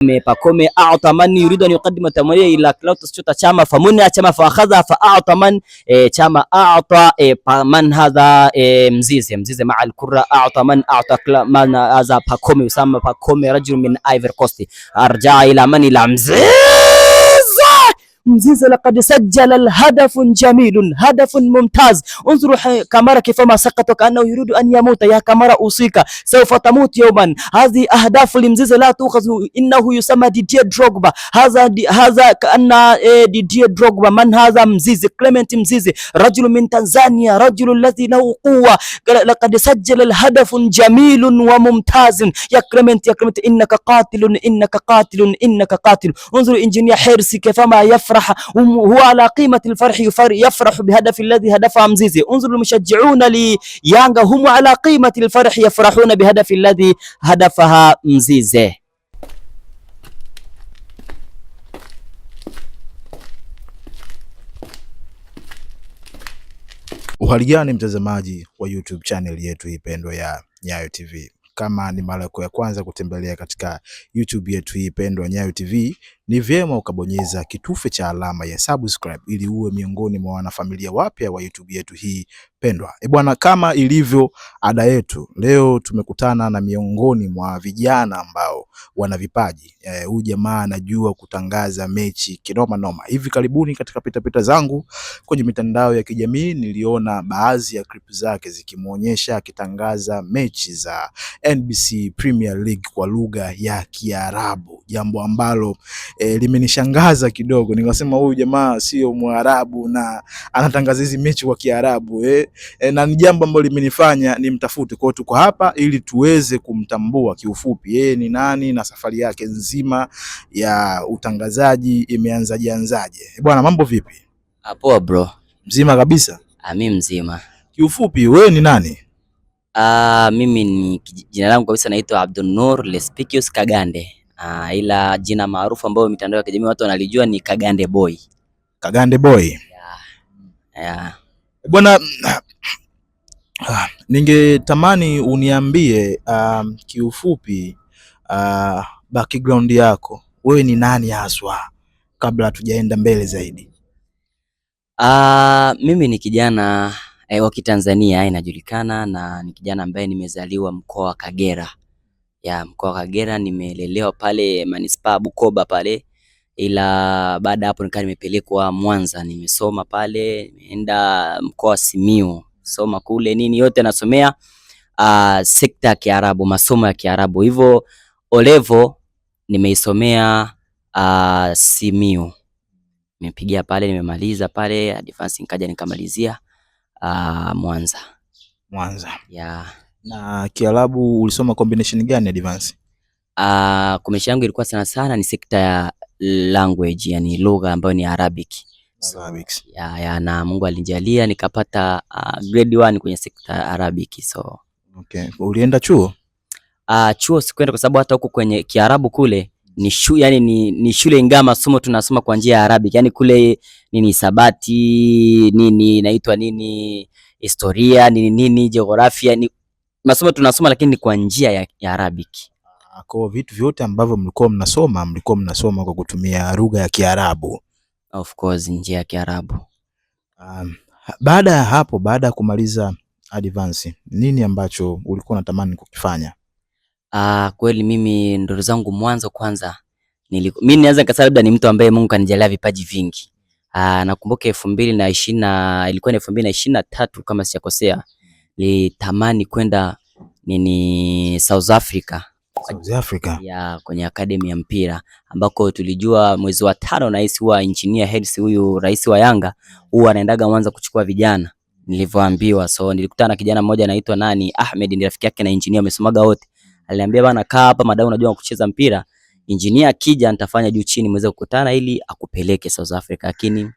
Pakome a'ta man yuridu an yuqaddima tamaniya ila kilautaschuta chama famuna chama fa akhadha fa a'ta man e, chama a'ta e, man hadha mzize mzize ma al-kurra a'ta man a'ta man hadha pakome usama pakome rajul min Ivory Coast arja ila man ila mzizi Mzize laqad sajjala alhadafun jamilun hadafun mumtaz. Unzuru kamara kifama saqata kaannahu yuridu an yamuta ya kamara usika sawfa tamut yawman hadhi ahdafu limzize la tukhadhu innahu yusama Didier Drogba hadha hadha kana eh, Didier Drogba man hadha Mzize Clement Mzize rajul min Tanzania rajul alladhi lahu quwwa laqad sajjala alhadafun jamilun wa mumtazun ya Clement ya Clement innaka qatilun innaka qatilun innaka qatilun. Unzuru injinia Hersi kifama yaf yafraha um, huwa ala qimati alfarhi yafrahu bihadafi alladhi hadafa mzizi unzuru almushajji'una li Yanga hum ala qimati alfarhi yafrahuna bihadafi alladhi hadafaha mzizi Uhaligani mtazamaji wa YouTube channel yetu ipendwa ya Nyayo TV kama ni mara yako ya kwanza kutembelea katika YouTube yetu hii pendwa Nyayo TV, ni vyema ukabonyeza kitufe cha alama ya subscribe ili uwe miongoni mwa wanafamilia wapya wa YouTube yetu hii pendwa. E bwana, kama ilivyo ada yetu, leo tumekutana na miongoni mwa vijana ambao wana vipaji. E, huyu e, jamaa anajua kutangaza mechi kinoma noma. Hivi karibuni katika pitapita zangu kwenye mitandao ya kijamii niliona baadhi ya clip zake zikimwonyesha akitangaza mechi za NBC Premier League kwa lugha ya Kiarabu, jambo ambalo e, limenishangaza kidogo. Nikasema huyu jamaa sio Mwarabu na anatangaza hizi mechi kwa Kiarabu e, e, na ni jambo ambalo limenifanya nimtafute. Kwa hiyo tuko hapa ili tuweze kumtambua kiufupi yeye ni nani na safari yake nzima ya utangazaji imeanzaje anzaje. Bwana, mambo vipi? Apoa ah, bro. Mzima kabisa? Ami ah, mzima. Kiufupi wewe ni nani? Ah, mimi ni jina langu kabisa naitwa Nur Lespicius Kagande. Ah, ila jina maarufu ambayo mitandao ya kijamii watu wanalijua ni Kagande Boy. Kagande Boy. Yeah. Yeah. Bwana uh, ningetamani uniambie uh, kiufupi uh, background yako. Wewe ni nani haswa kabla hatujaenda mbele zaidi? Ah, mimi ni kijana e, wa Kitanzania inajulikana na ni kijana ambaye nimezaliwa mkoa wa Kagera ya mkoa wa Kagera, nimelelewa pale manispaa Bukoba pale, ila baada hapo nikaa nimepelekwa Mwanza, nimesoma pale, nimeenda mkoa wa soma kule nini, yote nasomea uh, sekta ya Kiarabu, masomo ya Kiarabu. Hivyo olevo nimeisomea uh, ah, Simiu, nimepigia pale, nimemaliza pale advance, nikaja nikamalizia uh, Mwanza. Mwanza. Yeah. Na Kiarabu ulisoma combination gani advance? Ah, uh, kumesha yangu ilikuwa sana sana ni sekta ya language, yani lugha ambayo ni Arabic. Arabic. So, ya, ya, na Mungu alinijalia nikapata uh, grade 1 kwenye sekta ya Arabic. So, okay. Ulienda chuo? Ah, uh, chuo sikwenda kwa sababu hata huko kwenye Kiarabu kule ni shu, yani ni, ni shule ingawa masomo tunasoma kwa njia ya Arabic, yani kule nini sabati nini inaitwa nini historia nini nini jiografia ni masomo tunasoma, lakini ni kwa njia ya, ya Arabic. Ah, kwa vitu vyote ambavyo mlikuwa mnasoma mlikuwa mnasoma kwa kutumia lugha ya Kiarabu, of course njia ya Kiarabu. Um, baada ya hapo, baada ya kumaliza advance, nini ambacho ulikuwa unatamani kukifanya? Ah, kweli mimi ndoto zangu mwanzo kwanza niliku, mimi nianza kasa labda ni mtu ambaye Mungu kanijalia vipaji vingi. Ah, nakumbuka elfu mbili na ishirini na ilikuwa ni elfu mbili na ishirini na tatu kama sijakosea, nilitamani kwenda nini South Africa South Africa ya kwenye akademi ya mpira ambako tulijua mwezi wa tano na hisi huwa engineer heads huyu rais wa Yanga huwa anaendaga Mwanza kuchukua vijana nilivyoambiwa. So nilikutana na kijana mmoja anaitwa nani Ahmed, ni rafiki yake na engineer, amesomaga wote Aliniambia bana, kaa hapa madau, unajua kucheza mpira. Injinia akija nitafanya juu chini mweze kukutana ili akupeleke South Africa, lakini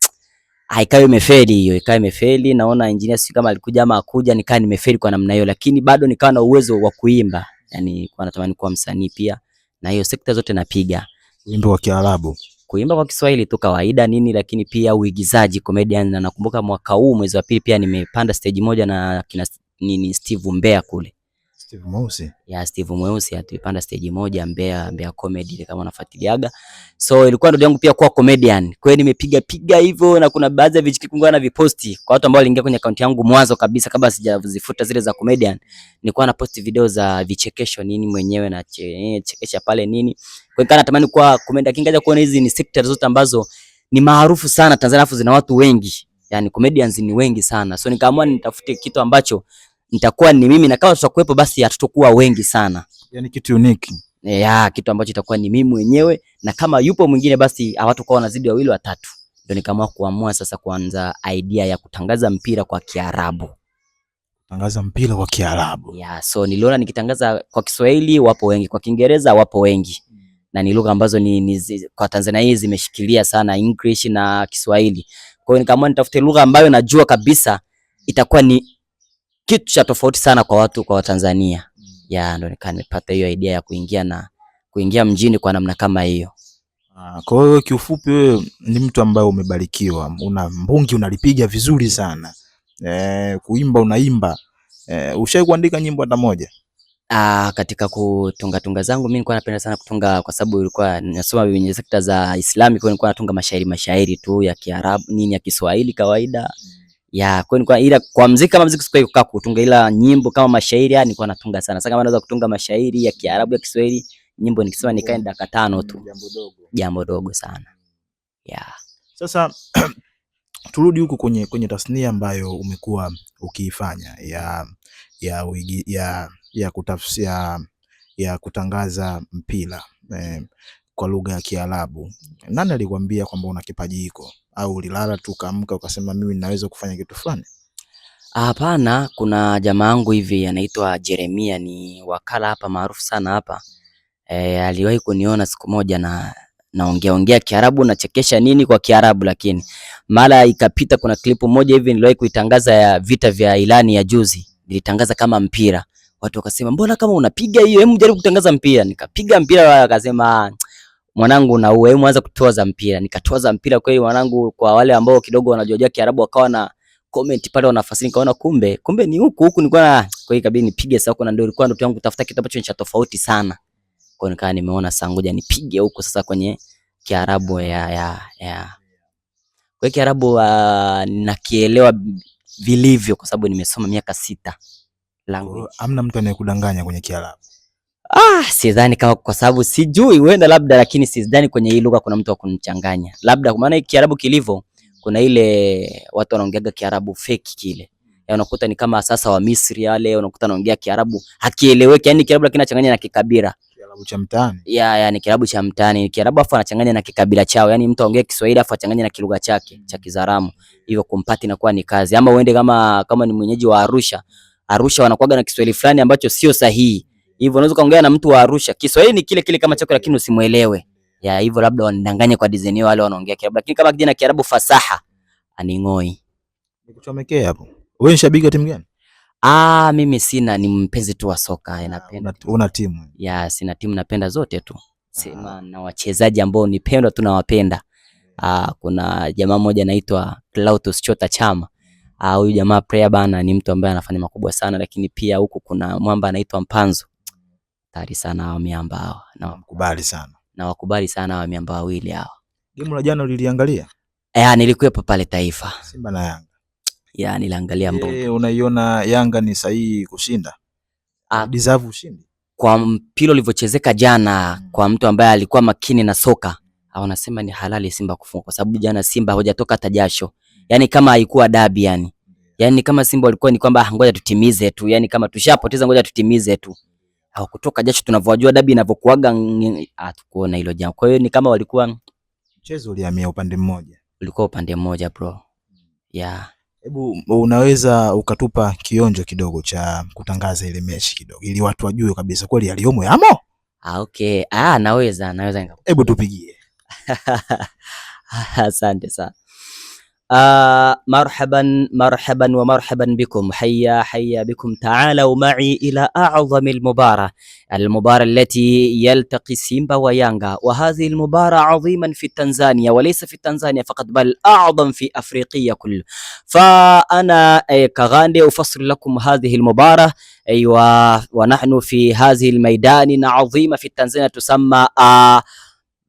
haikawa imefeli hiyo, ikawa imefeli. Naona injinia si kama alikuja ama akuja, nikaa nimefeli kwa namna hiyo, lakini bado nikawa na uwezo wa kuimba, yani kwa natamani kuwa msanii pia, na hiyo sekta zote napiga, wimbo wa Kiarabu, kuimba kwa Kiswahili tu kawaida nini, lakini pia uigizaji, comedian. Na nakumbuka mwaka huu mwezi wa pili pia nimepanda stage moja na kina nini Steve Mbea kule Steve Mweusi. Ya Steve Mweusi atuipanda stage moja Mbeya, Mbeya Comedy kama unafuatiliaga. So ilikuwa ndio yangu pia kuwa comedian. Kwa hiyo nimepiga piga hivyo na kuna baadhi ya vijikikunga na viposti kwa watu ambao waliingia kwenye account yangu mwanzo kabisa kabla sijazifuta zile za comedian. Nilikuwa na post video za vichekesho nini mwenyewe na che, eh, chekesha pale nini. Kwa hiyo natamani kuwa comedian kingaja kuona hizi ni sector zote ambazo ni maarufu sana Tanzania, afu zina watu wengi. Yaani comedians ni wengi sana. So nikaamua nitafute kitu ambacho nitakuwa ni mimi, na kama tutakuwepo basi hatutakuwa wengi sana, Yaani kitu unique e, ya kitu ambacho itakuwa ni mimi mwenyewe, na kama yupo mwingine basi hawatakuwa wanazidi wawili watatu. Ndio nikaamua kuamua sasa kuanza idea ya kutangaza mpira kwa Kiarabu tangaza mpira kwa Kiarabu. Yeah, so niliona nikitangaza kwa Kiswahili wapo wengi, kwa Kiingereza wapo wengi. Na ni lugha ambazo ni, ni zi, kwa Tanzania hii zimeshikilia sana English na Kiswahili. Kwa hiyo nikaamua nitafute lugha ambayo najua kabisa itakuwa ni kitu cha tofauti sana kwa watu kwa Watanzania. Ya ndo nikaa nimepata hiyo idea ya kuingia na kuingia mjini kwa namna kama hiyo. Ah, kwa hiyo kiufupi, wewe ni mtu ambaye umebarikiwa, una mbungi unalipiga vizuri sana e, kuimba unaimba e, eh, ushawahi kuandika nyimbo hata moja? Ah, katika kutunga tunga zangu mimi nilikuwa napenda sana kutunga kwa sababu nilikuwa nasoma kwenye sekta za Islami, kwa hiyo nilikuwa natunga mashairi mashairi tu ya Kiarabu nini ya Kiswahili kawaida mm ya kwa ni kwa ila kwa muziki kama muziki sikuwa kukaa kutunga, ila nyimbo kama mashairi ni yaani kwa natunga sana. Sasa kama naweza kutunga mashairi ya Kiarabu ya Kiswahili, nyimbo nikisema nikae dakika tano tu, mm, jambo dogo, jambo dogo sana mm. ya. Sasa turudi huko kwenye kwenye tasnia ambayo umekuwa ukiifanya ya ya uigi, ya ya kutafsia ya kutangaza mpira eh, kwa lugha ya Kiarabu. Nani alikwambia kwamba una kipaji hiko? au ulilala tu ukaamka ukasema mimi ninaweza kufanya kitu fulani? Hapana, kuna jamaa wangu hivi anaitwa Jeremia, ni wakala hapa maarufu sana hapa e, aliwahi kuniona siku moja na naongea ongea Kiarabu nachekesha nini kwa Kiarabu, lakini mara ikapita, kuna klipu moja hivi niliwahi kuitangaza ya vita vya Irani ya juzi, nilitangaza kama mpira, watu wakasema mbona kama unapiga hiyo, hebu jaribu kutangaza mpira. Nikapiga mpira, wakasema mwanangu na uwe mwanza kutoa za mpira. Nikatoa za mpira kweli mwanangu, kwa wale ambao kidogo wanajua Kiarabu wakawa na comment pale wanafasiri, kaona kumbe kumbe ni huku huku, nilikuwa kwa hiyo kabidi nipige sasa huko, na ndio ilikuwa ndoto yangu kutafuta kitu ambacho ni cha tofauti sana. Kwa hiyo nikaa nimeona sasa, ngoja nipige huko sasa kwenye Kiarabu ya ya ya kwa Kiarabu uh, ah, nakielewa vilivyo kwa sababu nimesoma miaka sita language. Amna mtu anayekudanganya kwenye Kiarabu. Ah, sidhani kama kwa sababu sijui huenda labda, lakini sidhani kwenye hii lugha kuna mtu wa kunichanganya labda, kwa maana Kiarabu kilivyo, kuna ile watu wanaongeaga Kiarabu fake kile, ya unakuta ni kama sasa wa Misri wale, unakuta anaongea Kiarabu hakieleweki, yani Kiarabu lakini anachanganya na kikabila Kiarabu cha mtaani. Ya, ya, ni Kiarabu cha mtaani. Kiarabu afu anachanganya na kikabila chao. yani mtu aongee Kiswahili afu achanganye na kilugha chake cha Kizaramu. Hivyo kumpata inakuwa ni kazi. Ama uende kama kama ni mwenyeji wa Arusha. Arusha wanakuaga na Kiswahili fulani ambacho sio sahihi. Hivyo unaweza kaongea na mtu wa Arusha. Kiswahili ni kile kile kama chako lakini usimuelewe. Ya hivyo labda wanidanganye kwa design yao wale wanaongea Kiarabu. Lakini kama kijana Kiarabu fasaha aningoi. Nikuchomekea hapo. Wewe ni shabiki wa timu gani? Ah, mimi sina, ni mpenzi tu wa soka, ah, napenda. Una timu? Ya, sina timu, napenda zote tu. Sema ah. na wachezaji ambao nipendwa tu nawapenda. Ah, kuna jamaa mmoja anaitwa Clatous Chota Chama. Ah, huyu jamaa player bana ni mtu ambaye anafanya makubwa sana, lakini pia huku kuna mwamba anaitwa Mpanzo hatari sana hawa miamba hawa na wakubali sana na wakubali sana hawa miamba wawili hawa. Game la jana uliliangalia? Eh, nilikuwepo pale Taifa. Simba na Yanga. Ya, niliangalia mbona. Eh, unaiona Yanga ni sahihi kushinda? Ah, deserve ushindi. Kwa mpilo ulivyochezeka jana hmm. Kwa mtu ambaye alikuwa makini na soka wanasema ni halali Simba kufunga kwa sababu jana Simba hawajatoka hata jasho. Yaani kama haikuwa dabi yani. Yaani kama Simba walikuwa ni kwamba ah, ngoja tutimize tu, yani kama tushapoteza ngoja tutimize tu hawakutoka jasho tunavyojua dabi inavyokuaga, hatukuona ah, hilo jambo. Kwa hiyo ni kama walikuwa mchezo uliamia upande mmoja, ulikuwa upande mmoja bro. Yeah. Hebu unaweza ukatupa kionjo kidogo cha kutangaza ile mechi kidogo, ili watu wajue kabisa kweli aliyomo yamo. Ah, okay. Ah, naweza naweza, hebu tupigie. Asante sana. آه مرحبا مرحبا ومرحبا بكم حيا حيا بكم تعالوا معي إلى أعظم المباراة المباراة التي يلتقي سيمبا ويانغا وهذه المباراة عظيما في تنزانيا وليس في تنزانيا فقط بل أعظم في أفريقيا كله فأنا إيه، كغاندي أفسر لكم هذه المباراة أيوة ونحن في هذه الميدان عظيمة في تنزانيا تسمى آه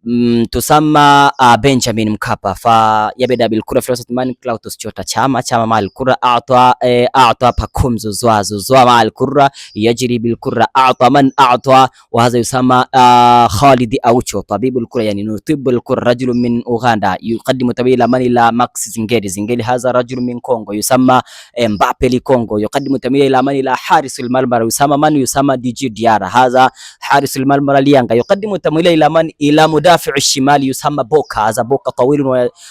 Mm, tusama uh, Benjamin Mkapa fa yabeda bilkura filosofi man Claudius Chota chama chama mal kura atwa eh, atwa pakum zuzwa zuzwa mal kura yajri bilkura atwa man atwa wa hadha yusama uh, Khalid Aucho tabibu alkura yani nutibu alkura rajul min Uganda yuqaddimu tabila man ila Max Zingeli Zingeli hadha rajul min Congo yusama eh, Mbappe li Congo yuqaddimu tabila ila man ila Haris al-Malmara yusamma man yusama DJ Diara hadha Haris al-Malmara lianga yuqaddimu tabila ila man ila muda الدافع الشمالي يسمى بوكا هذا بوكا طويل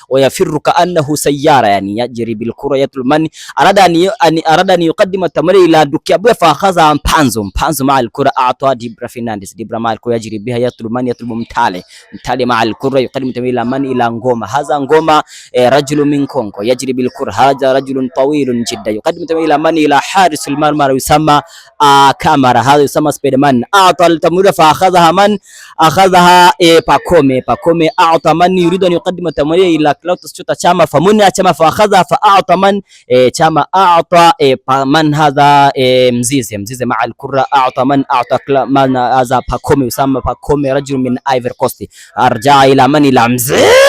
ويفر كأنه سيارة يعني يجري بالكرة يطلب من أراد أن أراد أن يقدم التمرير إلى دوكيابويا فأخذها مبانزو مبانزو مع الكرة اعطى ديبرا فرنانديز ديبرا مع الكرة يجري بها يطلب من يطلب متالي متالي مع الكرة يقدم التمرير إلى من إلى نغوما هذا نغوما آه، رجل من كونغو يجري بالكرة هذا رجل طويل جدا يقدم التمرير إلى من إلى حارس المرمى يسمى آه، كاميرا هذا يسمى سبيدمان أعطى التمرير فأخذها من أخذها آه، باكو Pakome Pakome a'ta man yuridu an yuqaddima tamaniya ila klauta chota chama fa famuni chama fa khadha fa a'ta man e, chama a'ta e, man hadha e, mzize mzize ma al kurra a'ta man a'ta man hadha Pakome usama Pakome rajul min Ivory Coast arja ila man ila mzize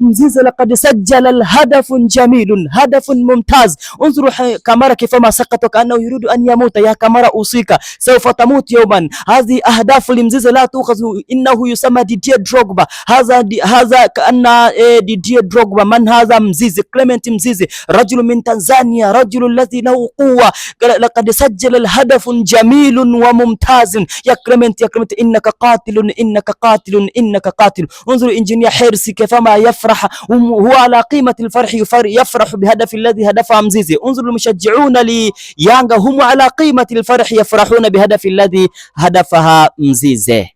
Mzizi, laqad sajjala alhadafun jamilun hadafun mumtaz unzuru kamara kifama sakata kaannahu yuridu an yamuta ya kamara usika sawfa tamut yawman hadhi ahdafu limzizi la tukhadhu innahu yusama Didier Drogba hadha hadha kana e, Didier Drogba man hadha mzizi Clement mzizi rajul min Tanzania rajul alladhi lahu quwwa laqad sajjala alhadafun jamilun wa mumtazin ya Clement ya Clement innaka qatilun innaka qatilun innaka qatilun unzuru injinia Hersi kifama yaf yafraha um, huwa ala qimati alfarhi yafrahu bihadafi alladhi hadafa mzizi unzuru almushajji'una li Yanga hum ala qimati alfarhi yafrahuna bihadafi alladhi hadafaha mzizi.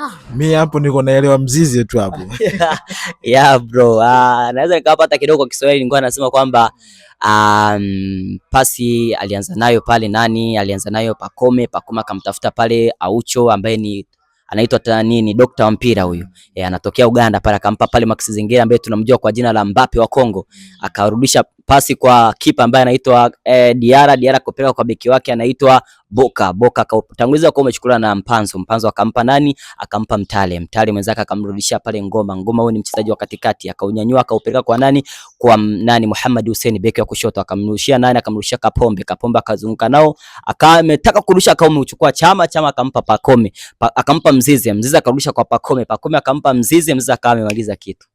Ah, hapo niko naelewa mzizi tu hapo. Yeah bro, ah, naweza nikapata kidogo Kiswahili nilikuwa nasema kwamba um, pasi alianza nayo pale nani alianza nayo Pakome, Pakome akamtafuta pale Aucho ambaye ni anaitwa nini, dokta wa mpira huyu e, anatokea Uganda pale, akampa pale Max Zingira ambaye tunamjua kwa jina la Mbappe wa Kongo, akarudisha pasi kwa kipa ambaye anaitwa eh, Diara. Diara kupeleka kwa beki wake anaitwa Boka. Boka akatanguliza kwa umechukuliwa na Mpanzo. Mpanzo akampa nani? Akampa Mtale. Mtale mwenzake akamrudishia pale Ngoma. Ngoma huyo ni mchezaji wa katikati, akaunyanyua akaupeleka kwa nani? Kwa nani? Muhammad Hussein beki wa kushoto, akamrushia nani? Akamrushia Kapombe. Kapombe akazunguka nao, akametaka kurusha, Kaume uchukua Chama. Chama akampa Pakome, pa, akampa Mzize. Mzize akarusha kwa Pakome. Pakome akampa Mzize. Mzize akamaliza kitu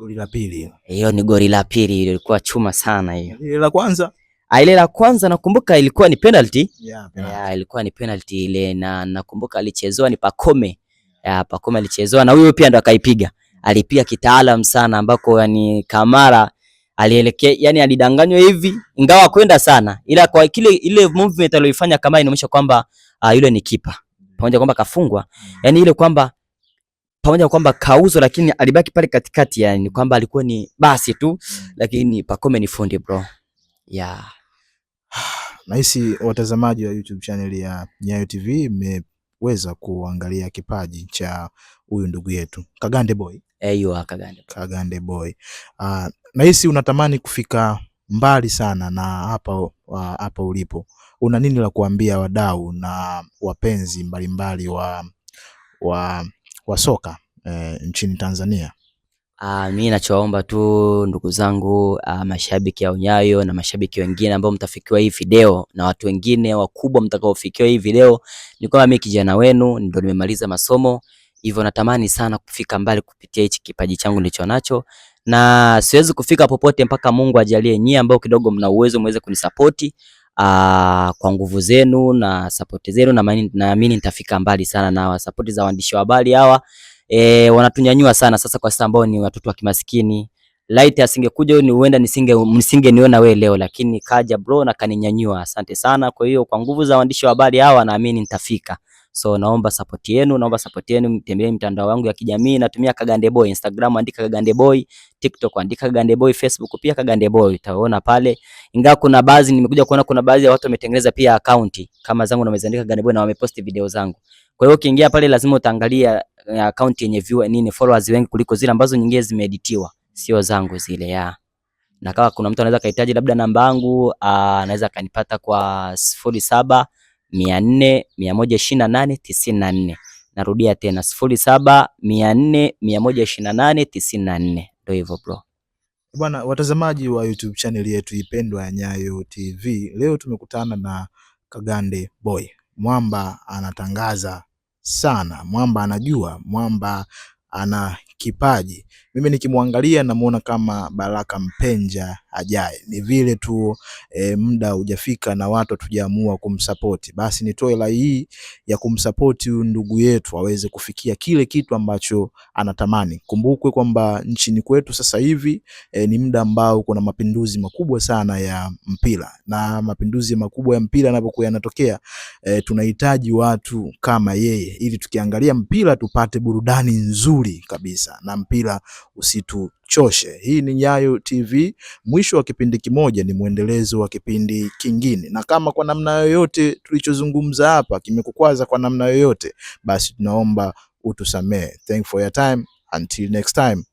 Goli la pili. Hiyo ni goli la pili, hilo ilikuwa chuma sana hiyo. Ile la kwanza? Ah, ile la kwanza nakumbuka ilikuwa ni penalty. Yeah, penalty. Yeah, ilikuwa ni penalty ile na nakumbuka alichezewa ni Pakome. Yeah, Pakome alichezewa na huyo pia ndo akaipiga. Alipiga kitaalamu sana ambako yani Kamara alielekea yani alidanganywa hivi ingawa kwenda sana ila kwa kile ile movement aliyoifanya Kamara inaonyesha kwamba uh, yule ni kipa. Pamoja kwamba kafungwa. Yani ile kwamba pamoja kwamba kauzo, lakini alibaki pale katikati, yani kwamba alikuwa ni basi tu, lakini Pacome ni fundi bro. Yeah. Nahisi watazamaji wa YouTube channel ya Nyayo TV mmeweza kuangalia kipaji cha huyu ndugu yetu Kagande Boy. Eyo, eh, Kagande. Kagande Boy. Uh, nahisi unatamani kufika mbali sana na hapa uh, hapa ulipo una nini la kuambia wadau na wapenzi mbalimbali mbali wa, wa wa soka e, nchini Tanzania? Ah, mimi nachoomba tu ndugu zangu, ah, mashabiki ya Unyayo na mashabiki wengine ambao mtafikiwa hii video na watu wengine wakubwa mtakaofikiwa hii video ni kwamba mimi kijana wenu ndio nimemaliza masomo, hivyo natamani sana kufika mbali kupitia hichi kipaji changu nilicho nacho, na siwezi kufika popote mpaka Mungu ajalie nyie ambao kidogo mna uwezo muweze kunisapoti Aa, ah, kwa nguvu zenu na sapoti zenu naamini na nitafika mbali sana na sapoti za waandishi wa habari hawa e, wanatunyanyua sana sasa, kwa sasa ambao ni watoto wa kimaskini. Light asingekuja ni huenda nisinge niona wewe leo, lakini kaja bro na kaninyanyua. Asante sana. Kwa hiyo kwa nguvu za waandishi wa habari hawa naamini nitafika. So naomba support yenu, naomba support yenu, tembelea mitandao yangu ya kijamii natumia Kagande Boy, Instagram andika Kagande Boy, TikTok andika Kagande Boy, Facebook pia Kagande Boy, utaona pale. Ingawa kuna baadhi nimekuja kuona kuna baadhi ya watu wametengeneza pia account kama zangu na wameziandika Kagande Boy na wameposti video zangu. Kwa hiyo ukiingia pale lazima utaangalia eh, account yenye view nini, followers wengi kuliko zile ambazo nyingine zimeeditiwa, sio zangu zile ya na kama kuna mtu anaweza kahitaji labda namba yangu, ah, anaweza kanipata kwa sifuri saba mia nne mia moja na nane tisini na nne. Narudia tena sifuri saba mia nne mia moja na nane tisini na nne. Ndio hivyo bro. Bwana watazamaji wa YouTube channel yetu ipendwa ya Nyayo TV, leo tumekutana na Kagande Boy. Mwamba anatangaza sana, mwamba anajua, mwamba ana kipaji. Mimi nikimwangalia namuona kama Baraka Mpenja ajaye, ni vile tu e, muda hujafika na watu tujaamua kumsapoti. Basi nitoe rai hii ya kumsapoti huyu ndugu yetu aweze kufikia kile kitu ambacho anatamani. Kumbukwe kwamba nchini kwetu sasa hivi e, ni muda ambao kuna mapinduzi makubwa sana ya mpira, na mapinduzi makubwa ya mpira yanapokuwa yanatokea e, tunahitaji watu kama yeye ili tukiangalia mpira tupate burudani nzuri kabisa kabisa, na mpira usituchoshe. Hii ni Nyayo TV. Mwisho wa kipindi kimoja ni mwendelezo wa kipindi kingine, na kama kwa namna yoyote tulichozungumza hapa kimekukwaza kwa namna yoyote, basi tunaomba utusamee. Thank for your time, until next time.